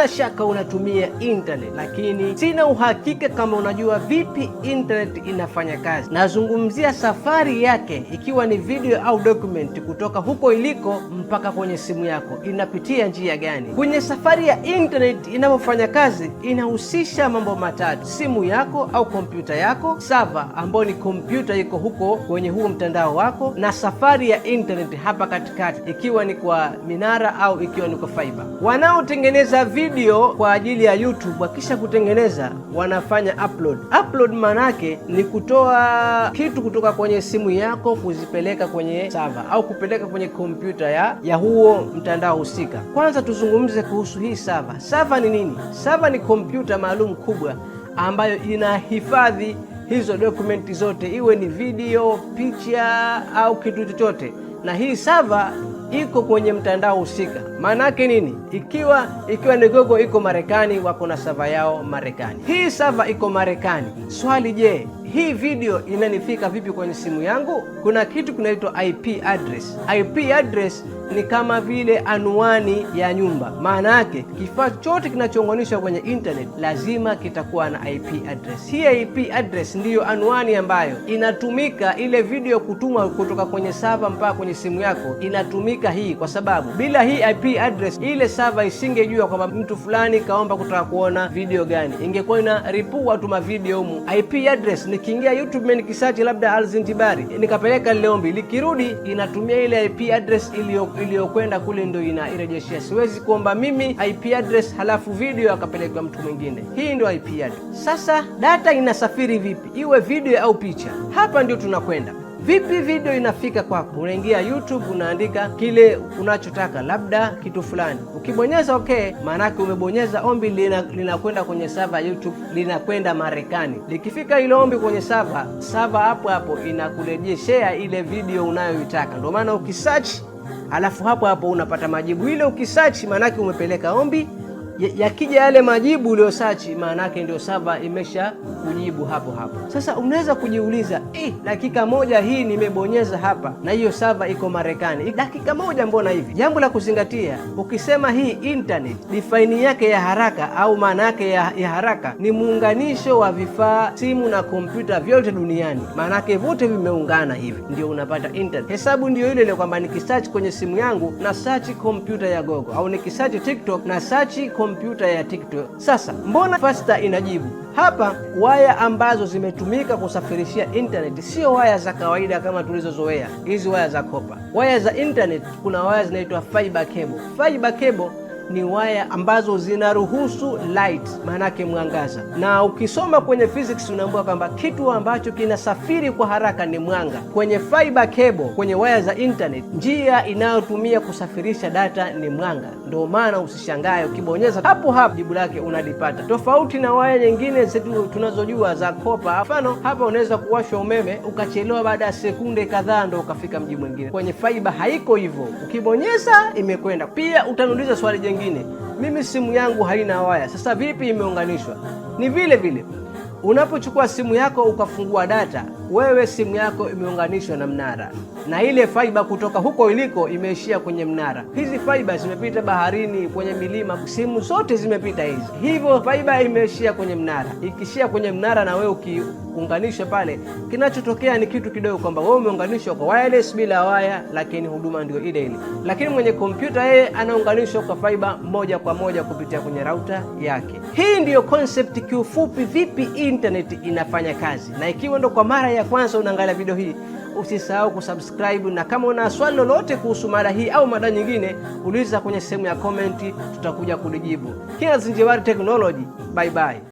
bila shaka unatumia internet, lakini sina uhakika kama unajua vipi internet inafanya kazi. Nazungumzia safari yake, ikiwa ni video au document, kutoka huko iliko mpaka kwenye simu yako, inapitia njia gani? Kwenye safari ya internet inapofanya kazi, inahusisha mambo matatu: simu yako au kompyuta yako, server ambayo ni kompyuta iko huko kwenye huo mtandao wako, na safari ya internet hapa katikati, ikiwa ni kwa minara au ikiwa ni kwa fiber. Wanaotengeneza video video kwa ajili ya YouTube wakisha kutengeneza wanafanya upload. Upload maana yake ni kutoa kitu kutoka kwenye simu yako kuzipeleka kwenye server au kupeleka kwenye kompyuta ya, ya huo mtandao husika. Kwanza tuzungumze kuhusu hii server. Server ni nini? Server ni kompyuta maalum kubwa ambayo inahifadhi hizo dokumenti zote, iwe ni video, picha au kitu chochote, na hii server iko kwenye mtandao husika. Maana yake nini? Ikiwa ikiwa ni Google iko Marekani, wako na sava yao Marekani. Hii sava iko Marekani. Swali, je, hii video inanifika vipi kwenye simu yangu? Kuna kitu kinaitwa IP address. IP address ni kama vile anwani ya nyumba. Maana yake kifaa chote kinachounganishwa kwenye internet lazima kitakuwa na IP address. Hii IP address ndiyo anwani ambayo inatumika ile video kutumwa kutoka kwenye sava mpaka kwenye simu yako, inatumika hii, kwa sababu bila hii IP address ile sava isingejua kwamba mtu fulani kaomba kutaka kuona video gani, ingekuwa ripua tu mavideo humu. IP address ni nikiingia YouTube nikisearch labda Alzintibari nikapeleka lile ombi, likirudi inatumia ile IP address iliyokwenda kule, ndio inairejeshea. Siwezi kuomba mimi IP address halafu video akapeleka mtu mwingine. Hii ndio IP address. Sasa data inasafiri vipi, iwe video au picha? Hapa ndio tunakwenda. Vipi video inafika kwako? Unaingia YouTube unaandika kile unachotaka, labda kitu fulani. Ukibonyeza okay, maanake umebonyeza ombi linakwenda lina kwenye sava ya YouTube, linakwenda Marekani. Likifika ile ombi kwenye sava, sava hapo hapo inakurejeshea ile video unayoitaka. Ndio maana ukisearch, alafu hapo hapo unapata majibu. Ile ukisearch, maanake umepeleka ombi yakija yale majibu uliosachi, maana yake ndio saba imesha kujibu hapo hapo. Sasa unaweza kujiuliza eh, dakika moja hii nimebonyeza hapa na hiyo saba iko Marekani, eh, dakika moja mbona hivi? Jambo la kuzingatia, ukisema hii internet difaini yake ya haraka au maana yake ya, ya haraka ni muunganisho wa vifaa, simu na kompyuta vyote duniani, maana yake vyote vimeungana hivi, ndio unapata internet. Hesabu ndio ile ile kwamba nikisearch kwenye simu yangu na search kompyuta ya gogo au nikisearch TikTok na search kompyuta ya TikTok. Sasa mbona Fasta inajibu hapa? Waya ambazo zimetumika kusafirishia intaneti sio waya za kawaida kama tulizozoea hizi waya za kopa. Waya za intaneti, kuna waya zinaitwa fiber cable. Fiber cable ni waya ambazo zinaruhusu light, maanake mwangaza. Na ukisoma kwenye physics unaambiwa kwamba kitu ambacho kinasafiri kwa haraka ni mwanga. Kwenye fiber cable, kwenye waya za internet, njia inayotumia kusafirisha data ni mwanga. Ndio maana usishangae ukibonyeza hapo hapo jibu lake unalipata, tofauti na waya nyingine zetu tunazojua za kopa. Mfano hapa unaweza kuwashwa umeme ukachelewa, baada ya sekunde kadhaa ndo ukafika mji mwingine. Kwenye fiber haiko hivyo, ukibonyeza imekwenda. Pia utaniuliza swali jingine nyingine. Mimi simu yangu haina waya, sasa vipi imeunganishwa? Ni vile vile unapochukua simu yako ukafungua data wewe simu yako imeunganishwa na mnara na ile faiba kutoka huko iliko imeishia kwenye mnara. Hizi faiba zimepita baharini, kwenye milima, simu zote zimepita hizi. Hivyo faiba imeishia kwenye mnara. Ikishia kwenye mnara na wewe ukiunganisha pale, kinachotokea ni kitu kidogo, kwamba wewe umeunganishwa kwa wireless bila waya, lakini huduma ndio ile ile. Lakini mwenye kompyuta yeye anaunganishwa kwa faiba moja kwa moja kupitia kwenye rauta yake. Hii ndiyo concept kiufupi, vipi internet inafanya kazi, na ikiwa ndo kwa mara ya ya kwanza unaangalia video hii, usisahau kusubscribe, na kama una swali lolote kuhusu mada hii au mada nyingine, uliza kwenye sehemu ya komenti, tutakuja kulijibu. Here is Njiwari Technology. Bye bye.